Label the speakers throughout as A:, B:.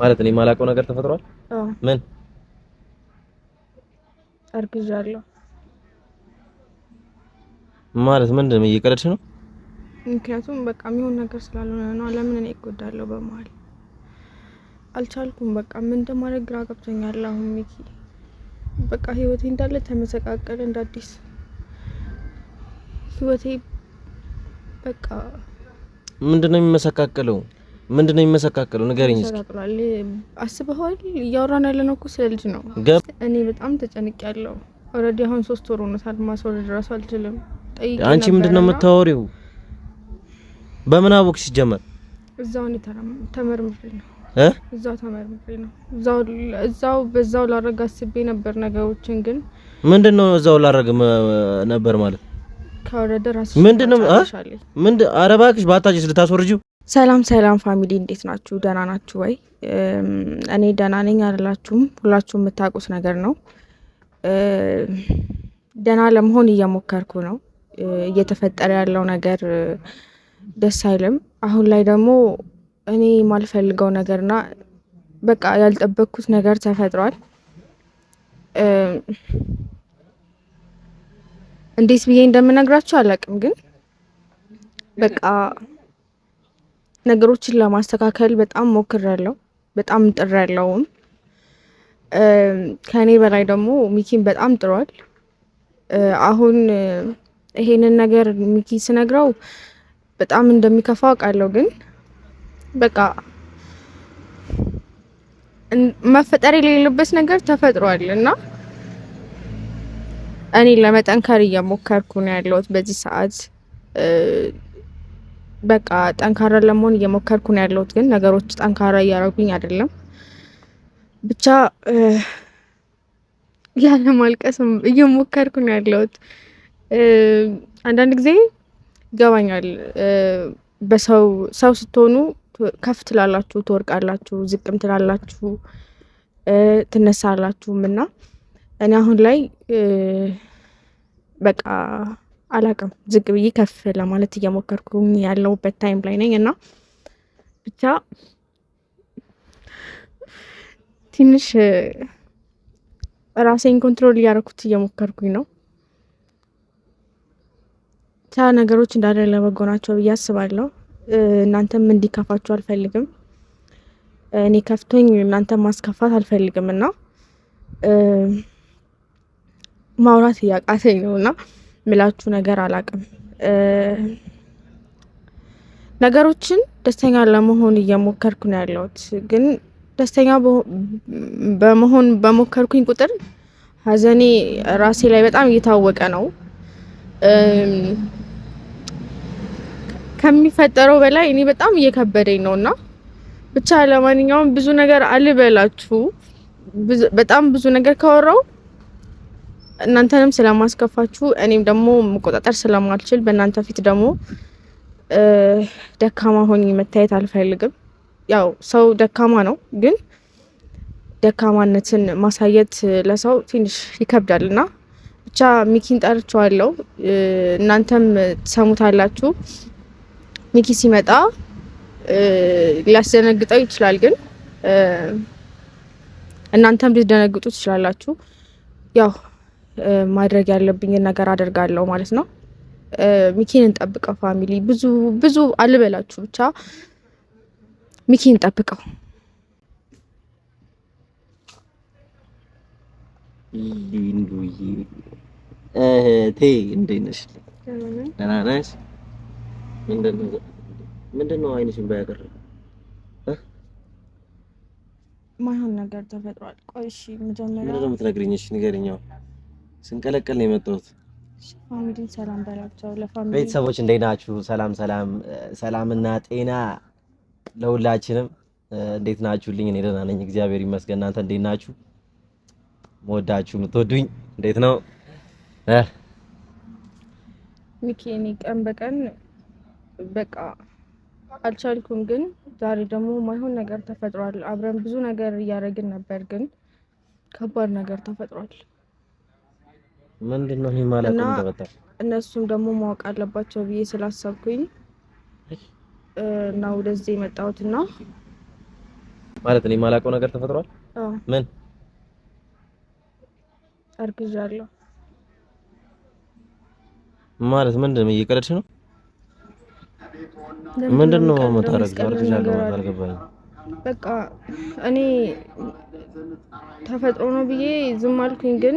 A: ማለት እኔ የማላውቀው ነገር ተፈጥሯል። ምን
B: አርግዣለሁ
A: ማለት ምንድን ነው? እየቀለድሽ ነው?
B: ምክንያቱም በቃ የሚሆን ነገር ስላልሆነ ነው። ለምን እኔ እጎዳለሁ? በመሀል አልቻልኩም። በቃ ምን እንደማድረግ ግራ ገብቶኛል። አሁን ሚኪ በቃ ህይወቴ እንዳለ ተመሰቃቀለ። እንደ አዲስ ህይወቴ በቃ
A: ምንድን ነው የሚመሰቃቀለው? ምንድን ነው የሚመሰካከለው? ንገረኝ
B: እስኪ። አስበዋል። እያወራን ያለ ነው እኮ ስለ ልጅ ነው። እኔ በጣም ተጨንቅ ያለው ኦልሬዲ አሁን ሶስት ወር ሆኖታል። ማስወረድ እራሱ አልችልም።
A: አንቺ ምንድን ነው የምታወሪው? በምን አቦክሽ? ሲጀመር
B: እዛው ነው ተመርምሬ ነው እዛው ተመርምሬ ነው እዛው በዛው ላረግ አስቤ ነበር ነገሮችን። ግን
A: ምንድን ነው እዛው ላረግ ነበር ማለት
B: ከወረደ ራሱ
A: ምንድን ነው? ኧረ እባክሽ ባታጭስ ልታስወርጂው
B: ሰላም ሰላም ፋሚሊ እንዴት ናችሁ? ደህና ናችሁ ወይ? እኔ ደህና ነኝ አይደላችሁም? ሁላችሁም የምታውቁት ነገር ነው። ደህና ለመሆን እየሞከርኩ ነው። እየተፈጠረ ያለው ነገር ደስ አይልም። አሁን ላይ ደግሞ እኔ የማልፈልገው ነገርና በቃ ያልጠበቅኩት ነገር ተፈጥሯል። እንዴት ብዬ እንደምነግራችሁ አላውቅም፣ ግን በቃ ነገሮችን ለማስተካከል በጣም ሞክሬያለሁ። በጣም ጥሬያለሁም። ከእኔ በላይ ደግሞ ሚኪን በጣም ጥሯል። አሁን ይሄንን ነገር ሚኪ ስነግረው በጣም እንደሚከፋ አውቃለሁ፣ ግን በቃ መፈጠር የሌለበት ነገር ተፈጥሯል እና እኔ ለመጠንከር እየሞከርኩ ነው ያለሁት በዚህ ሰዓት በቃ ጠንካራ ለመሆን እየሞከርኩ ነው ያለሁት፣ ግን ነገሮች ጠንካራ እያረጉኝ አይደለም። ብቻ ያለ ማልቀስ እየሞከርኩ ነው ያለሁት። አንዳንድ ጊዜ ይገባኛል። በሰው ሰው ስትሆኑ ከፍ ትላላችሁ፣ ትወርቃላችሁ፣ ዝቅም ትላላችሁ፣ ትነሳላችሁም እና እኔ አሁን ላይ በቃ አላቅም ዝቅ ብዬ ከፍ ለማለት እየሞከርኩኝ ያለውበት ታይም ላይ ነኝ እና ብቻ ትንሽ ራሴን ኮንትሮል እያደረኩት እየሞከርኩኝ ነው። ብቻ ነገሮች እንዳለ ለበጎ ናቸው ብዬ አስባለሁ። እናንተም እንዲከፋችሁ አልፈልግም። እኔ ከፍቶኝ እናንተም ማስከፋት አልፈልግም እና ማውራት እያቃተኝ ነው እና ምላችሁ ነገር አላቅም። ነገሮችን ደስተኛ ለመሆን እየሞከርኩ ነው ያለሁት፣ ግን ደስተኛ በመሆን በሞከርኩኝ ቁጥር ሀዘኔ ራሴ ላይ በጣም እየታወቀ ነው። ከሚፈጠረው በላይ እኔ በጣም እየከበደኝ ነው እና ብቻ ለማንኛውም ብዙ ነገር አልበላችሁ። በጣም ብዙ ነገር ካወራው እናንተንም ስለማስከፋችሁ እኔም ደግሞ መቆጣጠር ስለማልችል በእናንተ ፊት ደግሞ ደካማ ሆኜ መታየት አልፈልግም። ያው ሰው ደካማ ነው፣ ግን ደካማነትን ማሳየት ለሰው ትንሽ ይከብዳል እና ብቻ ሚኪን ጠርቸዋለው። እናንተም ትሰሙታላችሁ። ሚኪ ሲመጣ ሊያስደነግጠው ይችላል፣ ግን እናንተም ልትደነግጡ ትችላላችሁ ያው ማድረግ ያለብኝን ነገር አደርጋለሁ ማለት ነው። ሚኪን እንጠብቀው ፋሚሊ። ብዙ ብዙ አልበላችሁ፣ ብቻ ሚኪን እንጠብቀው።
A: ሊንዱዬ እህቴ እንዴት ነሽ? ደህና ነሽ? ምንድን ነው አይንሽን ባያቀረ
B: ማይሆን ነገር ተፈጥሯል።
A: ቆይ እሺ፣ መጀመሪያ ምንድን ነው የምትነግሪኝ? ንገሪኛው ስንቀለቀል ነው የመጣሁት።
B: ፋሚሊን ሰላም በላቸው።
A: ለፋሚሊ ቤተሰቦች እንዴት ናችሁ? ሰላም ሰላም፣ ሰላምና ጤና ለሁላችንም። እንዴት ናችሁልኝ? እኔ ደህና ነኝ እግዚአብሔር ይመስገን። እናንተ እንዴት ናችሁ? መወዳችሁ የምትወዱኝ እንዴት ነው?
B: ሚኪ እኔ ቀን በቀን በቃ አልቻልኩም፣ ግን ዛሬ ደግሞ ማይሆን ነገር ተፈጥሯል። አብረን ብዙ ነገር እያደረግን ነበር፣ ግን ከባድ ነገር ተፈጥሯል። ምንድን ነው ይሄ ማለት እነሱም ደግሞ ማወቅ አለባቸው ብዬ ስላሰብኩኝ እና ወደዚህ የመጣሁት እና
A: ማለት እኔ የማላውቀው ነገር ተፈጥሯል። ምን አርግዣለሁ ማለት ምንድን ነው? እየቀለድሽ ነው? ምንድን ነው የምታረጊው? አርግዣለሁ
B: አልገባኝም። በቃ እኔ ተፈጥሮ ነው ብዬ ዝም አልኩኝ ግን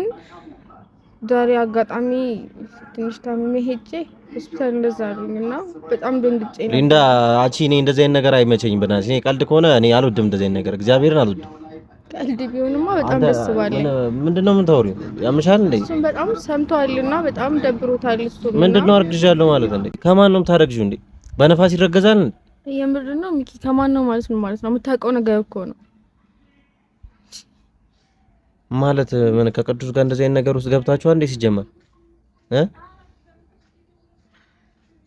B: ዛሬ አጋጣሚ ትንሽ ታምሜ ሄጄ ሆስፒታል እንደዛ አሉኝ እና በጣም ደንግጬ
A: ነው። ሊንዳ አቺ እኔ እንደዚህ አይነት ነገር አይመቸኝም። በእናትሽ እኔ ቀልድ ከሆነ እኔ አልወድም፣ እንደዚህ አይነት ነገር እግዚአብሔርን አልወድም።
B: ቀልድ ቢሆንማ በጣም ደስ ባለኝ።
A: ምንድን ነው የምታወሪው? ያምሻል እንዴ?
B: እሱም በጣም ሰምቷልና በጣም ደብሮታል። እሱ
A: ምንድን ነው አርግዣለሁ ማለት እንዴ? ከማን ነው የምታረግዢው እንዴ? በነፋስ ይረገዛል እንዴ?
B: የምንድን ነው ሚኪ? ከማን ነው ማለት ነው ማለት ነው የምታውቀው ነገር እኮ ነው
A: ማለት ምን ከቅዱስ ጋር እንደዚህ አይነት ነገር ውስጥ ገብታችኋል እንዴ? ሲጀመር እ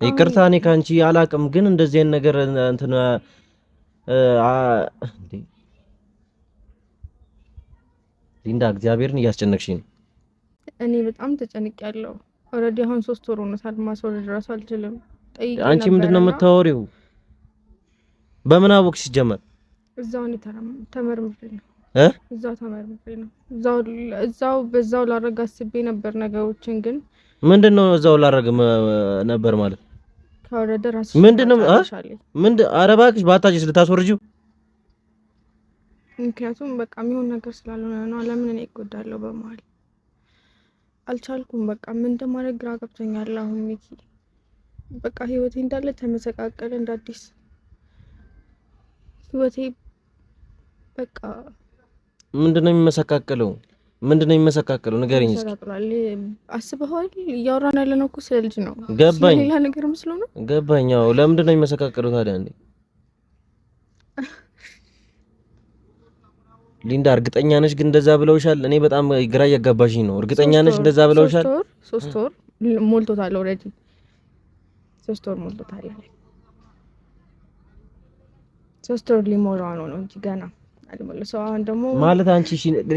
A: ይቅርታ እኔ ካንቺ አላቅም፣ ግን እንደዚህ አይነት ነገር እንትን ሊንዳ እግዚአብሔርን እያስጨነቅሽ ነው።
B: እኔ በጣም ተጨንቄያለሁ። ኦልሬዲ አሁን ሶስት ወር ሆኖታል። ማስወረድ ራሱ አልችልም።
A: ጠይቄ አንቺ ምንድን ነው የምታወሪው? በምን አወቅሽ? ሲጀመር
B: እዛው ነው ተመርምሬ ነው እዛው ተመርምሬ ነው እዛው በዛው ላረግ አስቤ ነበር ነገሮችን። ግን
A: ምንድን ነው እዛው ላረግ ነበር ማለት
B: ከወረደ ራስ
A: ምንድን ነው ምንድ ኧረ እባክሽ ባታጅስ ልታስወርጂው።
B: ምክንያቱም በቃ የሚሆን ነገር ስላልሆነ ነው። ለምን እኔ እጎዳለሁ? በመሀል አልቻልኩም። በቃ ምን እንደማድረግ ግራ ገብቶኛል። አሁን ሚኪ በቃ ህይወቴ እንዳለ ተመሰቃቀለ። እንደ አዲስ ህይወቴ በቃ
A: ነው የሚመሰካከለው? ምንድነው የሚመሰካከለው? ንገረኝ
B: እስኪ። አስበኸዋል? እያወራን ያለነው እኮ ስለ ልጅ ነው።
A: ገባኝ። ሌላ ነገር ምስሎ ነው። ገባኝ። አዎ። ነው የሚመሰካከለው ታዲያ? እንዴ ሊንዳ፣ እርግጠኛ ነሽ ግን እንደዛ ብለውሻል? እኔ በጣም ግራ እያጋባሽኝ ነው። እርግጠኛ ነሽ እንደዛ ብለውሻል?
B: ሶስት ወር ሞልቶታል። ኦልሬዲ ሶስት ወር ሞልቶታል። ሶስት ወር ነው ነው እንጂ ገና
A: ማለት አንቺ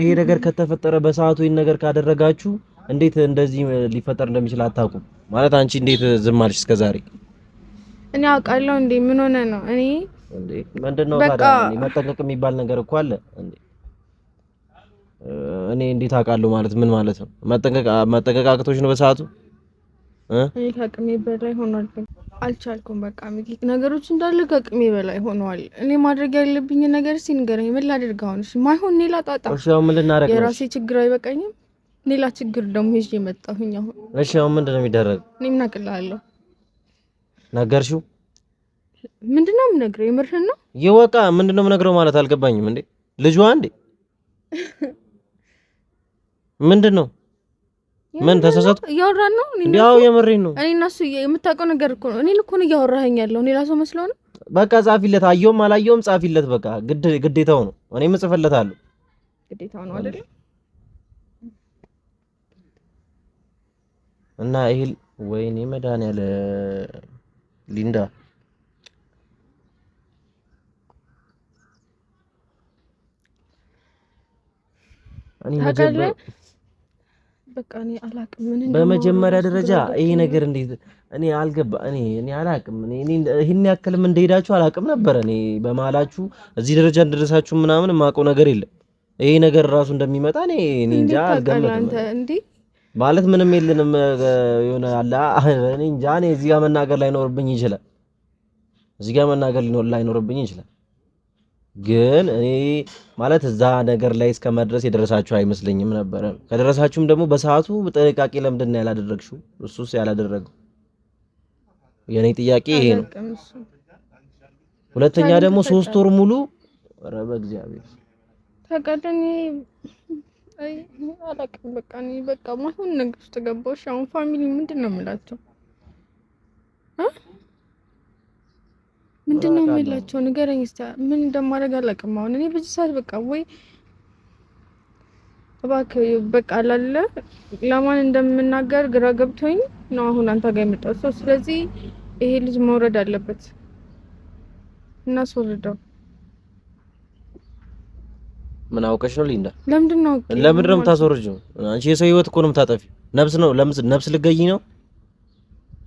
A: ይሄ ነገር ከተፈጠረ በሰዓቱ ይሄን ነገር ካደረጋችሁ እንዴት እንደዚህ ሊፈጠር እንደሚችል አታውቁም። ማለት አንቺ እንዴት ዝም አልሽ እስከዛሬ?
B: እኔ አውቃለሁ እንዴ? ምን ሆነ ነው? እኔ
A: እንዴ ምንድነው ታዲያ መጠንቀቅ የሚባል ነገር እኮ አለ እንዴ? እኔ እንዴት አውቃለሁ ማለት ምን ማለት ነው? መጠንቀቅ መጠንቀቅ አቅቶሽ ነው በሰዓቱ?
B: እኔ ከአቅሜ በላይ ሆኗል። አልቻልኩም። በቃ ሚኪ ነገሮች እንዳለ ቅሜ በላይ ሆነዋል። እኔ ማድረግ ያለብኝ ነገር ሲንገረኝ ምን ላድርግ አሁን? ማይሆን ሌላ ጣጣ። የራሴ ችግር አይበቃኝም? ሌላ ችግር ደግሞ ይዤ የመጣሁኝ አሁን።
A: እሺ አሁን ምንድን ነው የሚደረግ?
B: እኔ ምን አቅልላለሁ? ነገርሽው? ምንድን ነው የምነግረው? የምርህን ነው?
A: ይወቃ ምንድን ነው የምነግረው ማለት አልገባኝም። እንዴ ልጇ እንዴ ምንድን ነው ምን ተሳሳትኩ? እያወራን ነው እንዲያው የምሬን ነው።
B: እኔ እና እሱ የምታውቀው ነገር እኮ ነው። እኔን እኮ ነው እያወራኸኝ ያለው። ሌላ ሰው መስሎ ነው።
A: በቃ ጻፊለት፣ አየውም አላየውም ጻፊለት። በቃ ግዴታው ነው። እኔም እጽፍለታለሁ።
B: ግዴታው ነው አይደል?
A: እና ይሄ ወይኔ መድኃኒዓለም ሊንዳ
B: እኔ መጀመሪያ
A: በመጀመሪያ ደረጃ ይሄ ነገር እንዴት እኔ አልገባ እኔ እኔ አላቅም እኔ ይሄን ያክልም እንደሄዳችሁ አላቅም ነበር። እኔ በመሀላችሁ እዚህ ደረጃ እንደደረሳችሁ ምናምን የማውቀው ነገር የለም። ይሄ ነገር ራሱ እንደሚመጣ እኔ እኔ እንጃ አልገመትም። ማለት ምንም የለንም የሆነ አለ እኔ እንጃ እኔ እዚህ ጋር መናገር ላይኖርብኝ ይችላል። እዚህ ጋር መናገር ላይኖርብኝ ይችላል። ግን እኔ ማለት እዛ ነገር ላይ እስከ መድረስ የደረሳችሁ አይመስለኝም ነበረ። ከደረሳችሁም ደግሞ በሰዓቱ ጥንቃቄ ለምንድን ነው ያላደረግሽው? እሱስ ያላደረገው የእኔ ጥያቄ ይሄ ነው። ሁለተኛ ደግሞ ሶስት ወር ሙሉ ኧረ በእግዚአብሔር
B: ተቀደን አላቅም። በቃ በቃ ማሁን ነገር ውስጥ ገባሁሽ። አሁን ፋሚሊ ምንድን ነው የምላቸው? ምንድን ነው የሚላቸው ንገረኝ እስኪ። ምን እንደማደርግ አላውቅም። አሁን እኔ ብዙ ሰዓት በቃ ወይ እባክህ በቃ አላለ ለማን እንደምናገር ግራ ገብቶኝ ነው አሁን አንተ ጋር የመጣሁት ሰው። ስለዚህ ይሄ ልጅ መውረድ አለበት፣ እናስወርደው።
A: ምን አውቀሽ ነው ሊንዳ? ለምንድን ነው ለምንድን ነው የምታስወርጂው? አንቺ የሰው ህይወት እኮ ነው የምታጠፊው። ነፍስ ነው ለምስ ነፍስ ልገይ ነው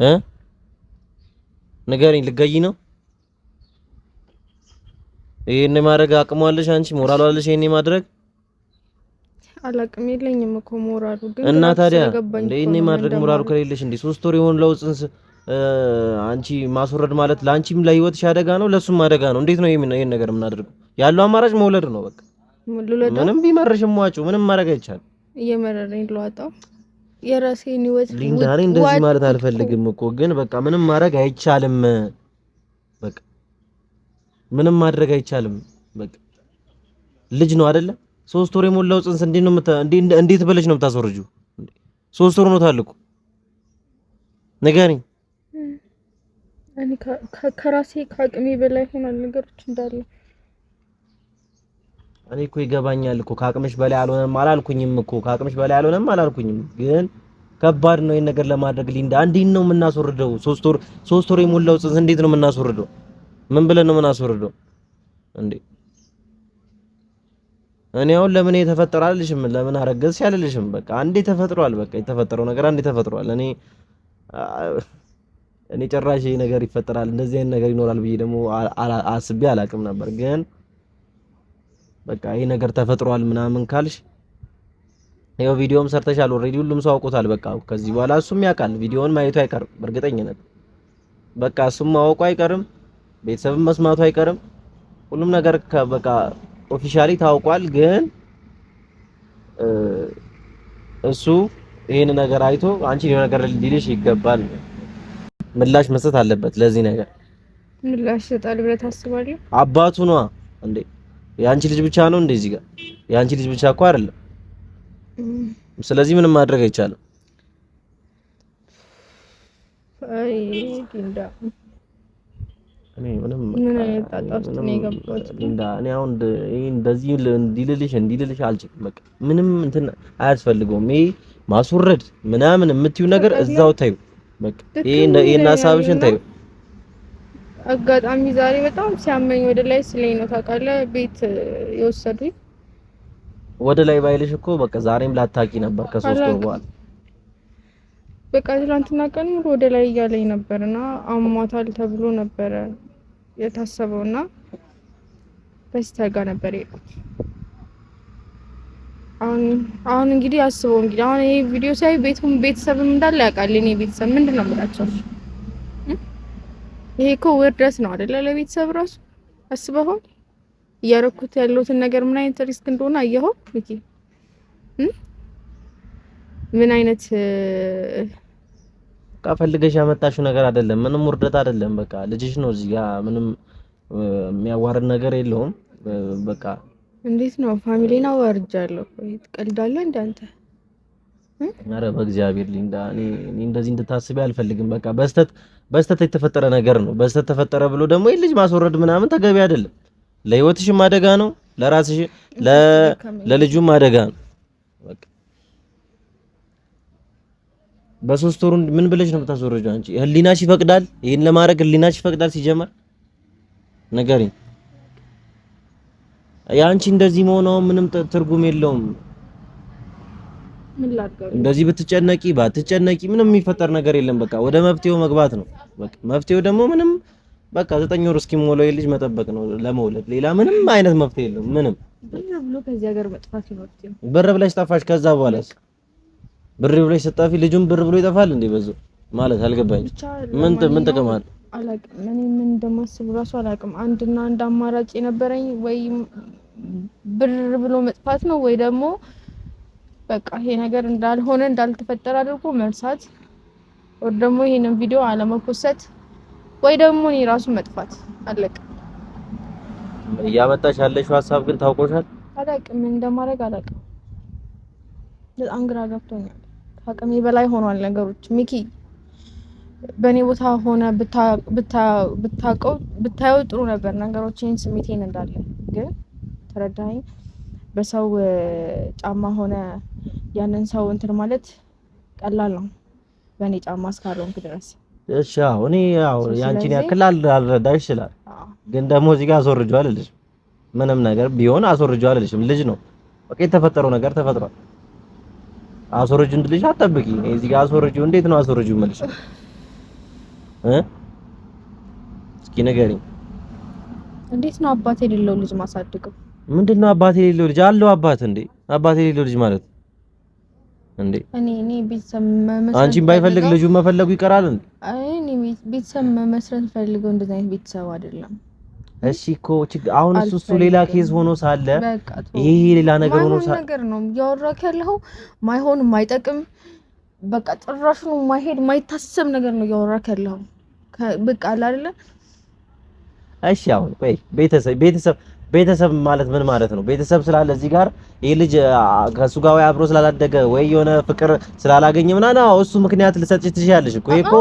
A: እ ንገረኝ፣ ልገይ ነው ይሄን ማድረግ አቅሙ አለሽ አንቺ ሞራል አለሽ ይሄን ማድረግ
B: አላቅም የለኝም እኮ ሞራሉ
A: ግን እና ታዲያ እንደ ይሄን ማድረግ ሞራሉ ከሌለሽ እንዴ ሶስት ወር የሆን ለውጥ ጽንስ አንቺ ማስወረድ ማለት ለአንቺም ለህይወትሽ አደጋ ነው ለሱም አደጋ ነው እንዴት ነው ይሄን ይሄን ነገር የምናደርገው ያለው አማራጭ መውለድ ነው በቃ ምንም ቢመርሽም ዋጪው ምንም ማድረግ አይቻልም
B: እየመረረኝ ልዋጣው የራሴን ህይወት
A: ሊንዳ እንደዚህ ማለት አልፈልግም እኮ ግን በቃ ምንም ማድረግ አይቻልም ምንም ማድረግ አይቻልም። በቃ ልጅ ነው አይደለ? ሶስት ወር የሞላው ጽንስ እንዴት ነው እንዴት በለች ነው የምታስወርጁ? ሶስት ወር ነው ታልኩ ንገሪኝ።
B: እኔ ከራሴ ከአቅሜ በላይ ሆኗል ነገሮች እንዳለ።
A: እኔ እኮ ይገባኛል እኮ ከአቅምሽ በላይ አልሆነም አላልኩኝም እኮ ከአቅምሽ በላይ አልሆነም አላልኩኝም፣ ግን ከባድ ነው ይሄን ነገር ለማድረግ ሊንዳ። እንዴት ነው የምናስወርደው? ሶስት ወር ሶስት ወር የሞላው ጽንስ እንዴት ነው የምናስወርደው? ምን ብለን ነው ምን አስወርደው እንዴ? እኔ አሁን ለምን የተፈጠረ አልልሽም፣ ለምን አረገዝሽ አልልሽም። በቃ አንዴ ተፈጥሯል። በቃ የተፈጠረው ነገር አንዴ ተፈጥሯል። እኔ እኔ ጭራሽ ይሄ ነገር ይፈጠራል እንደዚህ አይነት ነገር ይኖራል ብዬ ደግሞ አስቤ አላቅም ነበር። ግን በቃ ይሄ ነገር ተፈጥሯል ምናምን ካልሽ ይሄው ቪዲዮም ሰርተሻል። ኦልሬዲ ሁሉም ሰው አውቆታል። በቃ ከዚህ በኋላ እሱም ያውቃል። ቪዲዮውን ማየቱ አይቀርም በእርግጠኝነት በቃ እሱም ማወቁ አይቀርም። ቤተሰብም መስማቱ አይቀርም። ሁሉም ነገር በቃ ኦፊሻሊ ታውቋል። ግን እሱ ይህን ነገር አይቶ አንቺ የሆነ ነገር ሊልሽ ይገባል። ምላሽ መስጠት አለበት ለዚህ ነገር።
B: ምላሽ ይሰጣል ብለህ ታስባለህ?
A: አባቱ ነዋ እንዴ! የአንቺ ልጅ ብቻ ነው እንደዚህ ጋር የአንቺ ልጅ ብቻ እኮ አይደለም። ስለዚህ ምንም ማድረግ አይቻልም። እኔ ምንም
B: ምን
A: እኔ አሁን እንደዚህ እንዲልልሽ እንዲልልሽ አልችልም። በቃ ምንም እንትን አያስፈልገውም። ይሄ ማስወረድ ምናምን የምትዩ ነገር እዛው ታዩ። በቃ ይሄን ሀሳብሽን ታዩ።
B: አጋጣሚ ዛሬ በጣም ሲያመኝ ወደ ላይ ስለኝ ነው ታውቃለህ፣ ቤት የወሰዱኝ።
A: ወደ ላይ ባይልሽ እኮ በቃ ዛሬም ላታቂ ነበር ከሶስት ወር በኋላ
B: በቃ ትላንትና ቀን ሙሉ ወደ ላይ እያለኝ ነበር እና አሟታል ተብሎ ነበረ የታሰበው እና በስተር ጋር ነበር የሄድኩት። አሁን እንግዲህ አስበው እንግዲህ አሁን ይሄ ቪዲዮ ሳይ ቤቱም ቤተሰብም እንዳለ ያውቃል። እኔ ቤተሰብ ምንድን ነው የምላቸው? ይሄ እኮ ውርደት ነው አይደለ? ለቤተሰብ ራሱ አስበኸዋል? እያደረኩት ያለሁትን ነገር ምን አይነት ሪስክ እንደሆነ አየኸው? ምን አይነት
A: በቃ ፈልገሽ ያመጣሽው ነገር አይደለም። ምንም ውርደት አይደለም። በቃ ልጅሽ ነው። እዚህ ጋር ምንም የሚያዋርድ ነገር የለውም። በቃ
B: እንዴት ነው ፋሚሊን አዋርጃለሁ። ትቀልዳለህ እንዳንተ።
A: አረ በእግዚአብሔር ሊንዳ፣ እኔ እንደዚህ እንድታስቢ አልፈልግም። በቃ በስተት በስተት የተፈጠረ ነገር ነው። በስተት ተፈጠረ ብሎ ደግሞ ይህ ልጅ ማስወረድ ምናምን ተገቢ አይደለም። ለህይወትሽም አደጋ ነው፣ ለራስሽ ለልጁም አደጋ ነው። በቃ በሶስት ወሩ ምን ብለሽ ነው የምታስወርጂው? አንቺ ህሊናሽ ይፈቅዳል? ይሄን ለማድረግ ህሊናሽ ይፈቅዳል? ሲጀመር ነገሪ የአንቺ እንደዚህ መሆኗ ምንም ትርጉም የለውም። እንደዚህ ብትጨነቂ ባትጨነቂ ምንም የሚፈጠር ነገር የለም። በቃ ወደ መፍትሄው መግባት ነው። በቃ መፍትሄው ደግሞ ምንም በቃ ዘጠኝ ወር እስኪሞላው የልጅ መጠበቅ ነው ለመውለድ። ሌላ ምንም አይነት መፍትሄ የለውም። ምንም
B: ብር ብሎ ከዚህ ሀገር መጥፋት
A: ጠፋሽ። ከዛ በኋላስ ብር ብሎ ይሰጣፊ ልጁን ብር ብሎ ይጠፋል እንዴ? በዙ ማለት አልገባኝ። ምን ምን ጥቅም አለ?
B: አላውቅም። እኔ ምን እንደማስብ እራሱ አላውቅም። አንድና አንድ አማራጭ የነበረኝ ወይ ብር ብሎ መጥፋት ነው ወይ ደግሞ በቃ ይሄ ነገር እንዳልሆነ እንዳልተፈጠረ አድርጎ መርሳት፣ ወይ ደግሞ ይሄንን ቪዲዮ አለመኮሰት፣ ወይ ደግሞ እኔ ራሱ መጥፋት። አላውቅም።
A: እያመጣሽ ያለሽው ሀሳብ ግን ታውቆሻል?
B: አላውቅም። ምን እንደማድረግ አላውቅም። በጣም ግራ ገብቶኛል። ከአቅሜ በላይ ሆኗል ነገሮች። ሚኪ በእኔ ቦታ ሆነ ብታውቀው ብታየው ጥሩ ነበር ነገሮችን ስሜቴን እንዳለ ግን ተረዳኝ። በሰው ጫማ ሆነ ያንን ሰው እንትን ማለት ቀላል ነው በእኔ ጫማ እስካልሆንክ ድረስ
A: እሺ አዎ፣ እኔ ያው ያንቺን ያክል አልረዳሽ ይችላል፣ ግን ደግሞ እዚህ ጋር አስወርጄው አልልሽም። ምንም ነገር ቢሆን አስወርጄው አልልሽም። ልጅ ነው በቃ የተፈጠረው ነገር ተፈጥሯል። አስወርጅ እንድልሽ አጠብቂ። እዚህ ጋር አስወርጂው። እንዴት ነው አስወርጂው? መልሽ እ እስኪ ንገሪኝ።
B: እንዴት ነው አባት የሌለው ልጅ ማሳድገው?
A: ምንድን ነው አባት የሌለው ልጅ አለው? አባት እንዴ! አባት የሌለው ልጅ ማለት እንዴ!
B: እኔ እኔ ቤተሰብ
A: መመስረት አንቺን ባይፈልግ ልጁ መፈለጉ ይቀራል እንዴ?
B: እኔ ቤተሰብ መመስረት ፈልገው እንደዚህ አይነት ቤተሰብ አይደለም።
A: እሺ እኮ አሁን እሱ እሱ ሌላ ኬዝ ሆኖ ሳለ ይሄ ሌላ
B: ነገር ሆኖ ሳለ ነገር ነው እያወራክ ያለው ማይሆን ማይጠቅም በቃ ጭራሽ ነው ማይሄድ ማይታሰብ ነገር ነው እያወራክ ያለው በቃ አለ አይደለ
A: እሺ አሁን ቆይ ቤተሰብ ቤተሰብ ቤተሰብ ማለት ምን ማለት ነው? ቤተሰብ ስላለ እዚህ ጋር ይህ ልጅ ከእሱ ጋር ወይ አብሮ ስላላደገ ወይ የሆነ ፍቅር ስላላገኘ ምናምን እሱ ምክንያት ልሰጥሽ ትችያለሽ እኮ ይሄ እኮ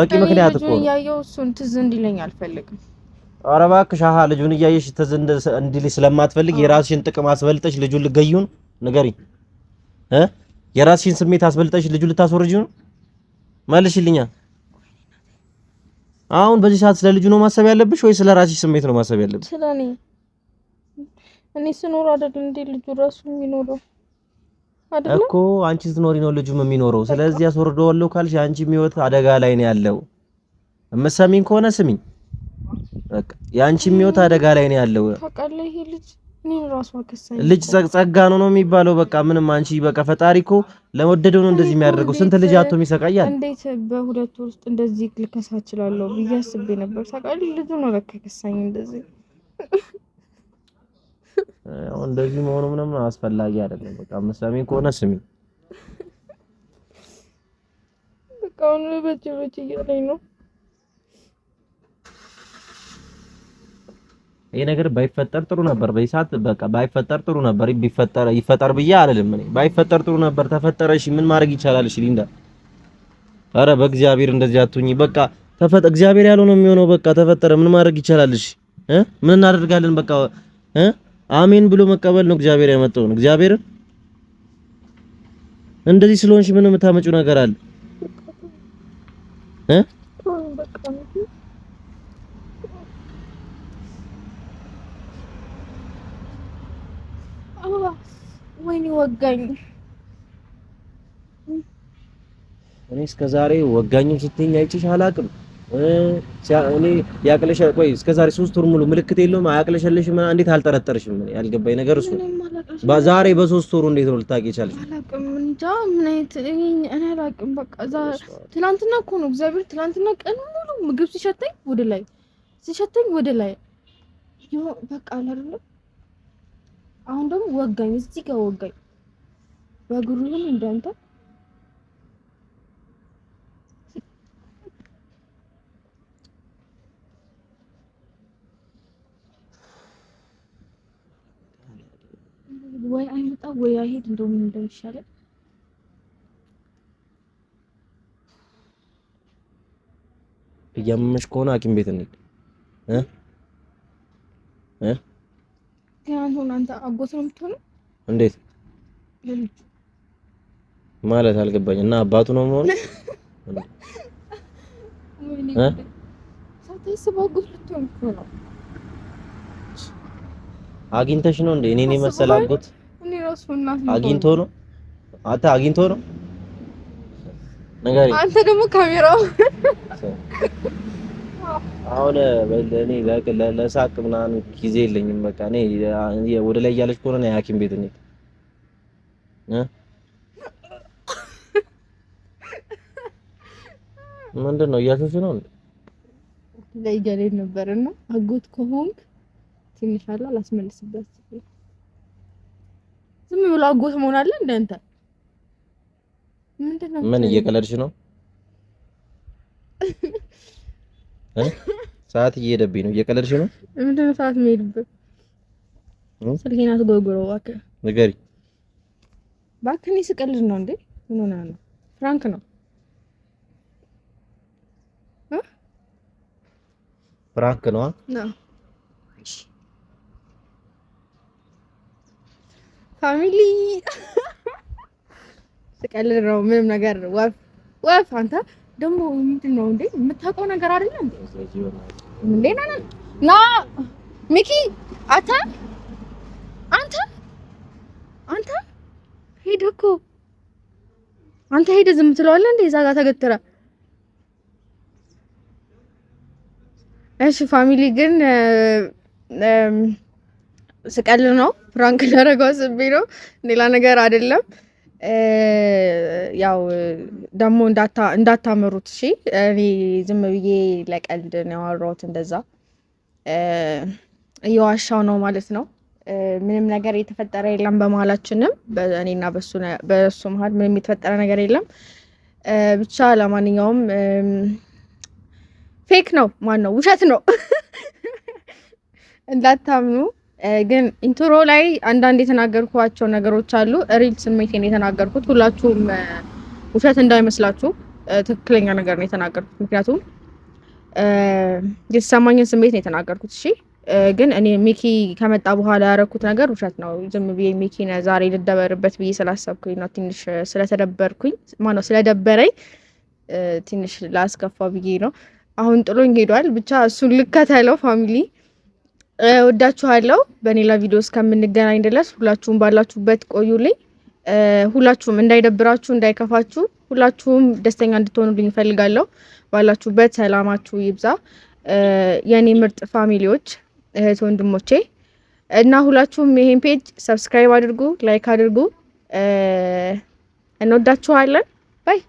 A: በቂ ምክንያት እኮ
B: ያየው እሱን ትዝ እንዲለኝ አልፈልግም።
A: ኧረ እባክሽ አሀ ልጁን እያየሽ ተዘንደ እንዲል ስለማትፈልግ የራስሽን ጥቅም አስበልጠሽ ልጁን ልገዩን ንገሪኝ እ የራስሽን ስሜት አስበልጠሽ ልጁን ልታስወርጂው ነው? መልሽልኛ። አሁን በዚህ ሰዓት ስለ ልጁ ነው ማሰብ ያለብሽ ወይ ስለ ራስሽ ስሜት ነው ማሰብ ያለብሽ? ስለ እኔ
B: እኔ ስኖር አይደል እንዴ ልጁ ራሱ የሚኖረው
A: አይደል እኮ አንቺ ስትኖሪ ነው ልጁም የሚኖረው። ስለዚህ አስወርደዋለሁ ካልሽ አንቺ የሚወት አደጋ ላይ ነው ያለው። እምትሰሚኝ ከሆነ ስሚኝ የአንቺ የሚወት አደጋ ላይ ነው ያለው። ልጅ ጸጋ ነው ነው የሚባለው። በቃ ምንም አንቺ በቃ ፈጣሪ እኮ ለወደደው ነው እንደዚህ የሚያደርገው። ስንት ልጅ አቶ ይሰቃያል።
B: እንዴት በሁለት ወር ውስጥ እንደዚህ ልከሳ እችላለሁ ብዬ አስቤ ነበር። ታውቃለህ ልጁ ነው በቃ ከሳኝ። እንደዚህ
A: እንደዚህ መሆኑ ምንም አስፈላጊ አይደለም። በቃ መስማሚ ከሆነ ስሚ።
B: በቃ ነው በጭ በጭ እያለኝ ነው
A: ይሄ ነገር ባይፈጠር ጥሩ ነበር። በይሳት በቃ ባይፈጠር ጥሩ ነበር። ቢፈጠር ይፈጠር ብዬ አልልም እኔ ባይፈጠር ጥሩ ነበር። ተፈጠረሽ ምን ማድረግ ይቻላል? እሺ ሊንዳ፣ አረ በእግዚአብሔር እንደዚህ አትሁኚ። በቃ ተፈጠ እግዚአብሔር ያለው ነው የሚሆነው። በቃ ተፈጠረ። ምን ማድረግ ይቻላል? እሺ ምን እናደርጋለን? በቃ አሜን ብሎ መቀበል ነው እግዚአብሔር ያመጣውን። እግዚአብሔር እንደዚህ ስለሆንሽ ምን የምታመጪው ነገር አለ?
B: አበባ ወይኔ ወጋኝ።
A: እኔ እስከ ዛሬ ወጋኝም ስትይኝ አይቼሽ አላቅም። እኔ ያቅለሽ ቆይ እስከ ዛሬ ሶስት ወር ሙሉ ምልክት የለውም አያቅለሸልሽም። እንዴት አልጠረጠርሽም? ያልገባኝ ነገር እሱ ዛሬ በሶስት ወሩ እንዴት ነው ልታውቂ የቻልሽ?
B: አላቅም እንጃ ምን አይነት እኔ እኔ አላቅም። በቃ ትናንትና እኮ ነው እግዚአብሔር፣ ትናንትና ቀን ሙሉ ምግብ ሲሸተኝ ወደ ላይ ሲሸተኝ ወደ ላይ ይሁን በቃ አላውቅም አሁን ደግሞ ወጋኝ፣ እዚህ ጋር ወጋኝ። በእግሩም እንዳንተ ወይ አይመጣ ወይ አይሄድ፣ እንደውም እንደሚሻለን
A: እያመመሽ ከሆነ ሐኪም ቤት እንሂድ እ እ
B: አሁን አንተ አጎት ነው የምትሆነው?
A: እንዴት ማለት አልገባኝ። እና አባቱ ነው የምሆነው? አግኝተሽ ነው እንዴ? እኔን የመሰለ አጎት አግኝቶ ነው አንተ አግኝቶ ነው ነገር
B: አንተ ደግሞ ካሜራው
A: አሁን እኔ ለሳቅ ምናምን ጊዜ የለኝም። በቃ እኔ ወደ ላይ እያለች ከሆነ ነው የሐኪም ቤት እንሂድ እ ምንድን ነው እያሾሽ ነው እንዴ?
B: ላይ እያለ ነበርና አጎት ከሆንክ ትንሽ አለ አላስመልስበት። ዝም ብሎ አጎት መሆን አለ እንደ አንተ
A: ምንድን ነው? ምን እየቀለድሽ ነው? ሰዓት እየሄደብኝ ነው። እየቀለድሽ ነው?
B: ምንድን ነው ሰዓት የሚሄድብህ? ስልኬን አትጎርጉረው እባክህ። ንገሪኝ እባክህ። እኔ ስቀልድ ነው እንዴ? ምን ሆነ ነው? ፍራንክ ነው። ፍራንክ ነው። ፋሚሊ ስቀልድ ነው። ምንም ነገር ወፍ ወፍ አንተ ደግሞ ምንድን ነው እንዴ? የምታውቀው ነገር አይደለም እንዴ? ና ሚኪ፣ አታ አንተ አንተ ሄደ እኮ አንተ ሄደ ዝም ትለዋለህ እንዴ? እዛ ጋር እሺ ፋሚሊ ግን ስቀል ነው፣ ፍራንክ ላደርገው ቢሮ ነው፣ ሌላ ነገር አይደለም። ያው ደግሞ እንዳታምሩት እሺ። እኔ ዝም ብዬ ለቀልድ ነው ያወራሁት። እንደዛ እየዋሻው ነው ማለት ነው። ምንም ነገር የተፈጠረ የለም በመሀላችንም፣ እኔና በእሱ መሀል ምንም የተፈጠረ ነገር የለም። ብቻ ለማንኛውም ፌክ ነው፣ ማን ነው፣ ውሸት ነው እንዳታምኑ ግን ኢንትሮ ላይ አንዳንድ የተናገርኳቸው ነገሮች አሉ። ሪል ስሜቴን የተናገርኩት ሁላችሁም ውሸት እንዳይመስላችሁ ትክክለኛ ነገር ነው የተናገርኩት። ምክንያቱም የተሰማኝን ስሜት ነው የተናገርኩት። እሺ ግን እኔ ሚኪ ከመጣ በኋላ ያደረኩት ነገር ውሸት ነው። ዝም ብዬ ሚኪ ዛሬ ልደበርበት ብዬ ስላሰብኩኝ ነው ትንሽ ስለተደበርኩኝ፣ ማነው ስለደበረኝ ትንሽ ላስከፋ ብዬ ነው። አሁን ጥሎኝ ሄዷል። ብቻ እሱን ልከተለው ፋሚሊ ወዳችኋለሁ። በሌላ ቪዲዮ እስከምንገናኝ ድረስ ሁላችሁም ባላችሁበት ቆዩልኝ። ሁላችሁም እንዳይደብራችሁ፣ እንዳይከፋችሁ፣ ሁላችሁም ደስተኛ እንድትሆኑልኝ እፈልጋለሁ። ባላችሁበት ሰላማችሁ ይብዛ የእኔ ምርጥ ፋሚሊዎች፣ እህት ወንድሞቼ እና ሁላችሁም ይሄን ፔጅ ሰብስክራይብ አድርጉ፣ ላይክ አድርጉ። እንወዳችኋለን። ባይ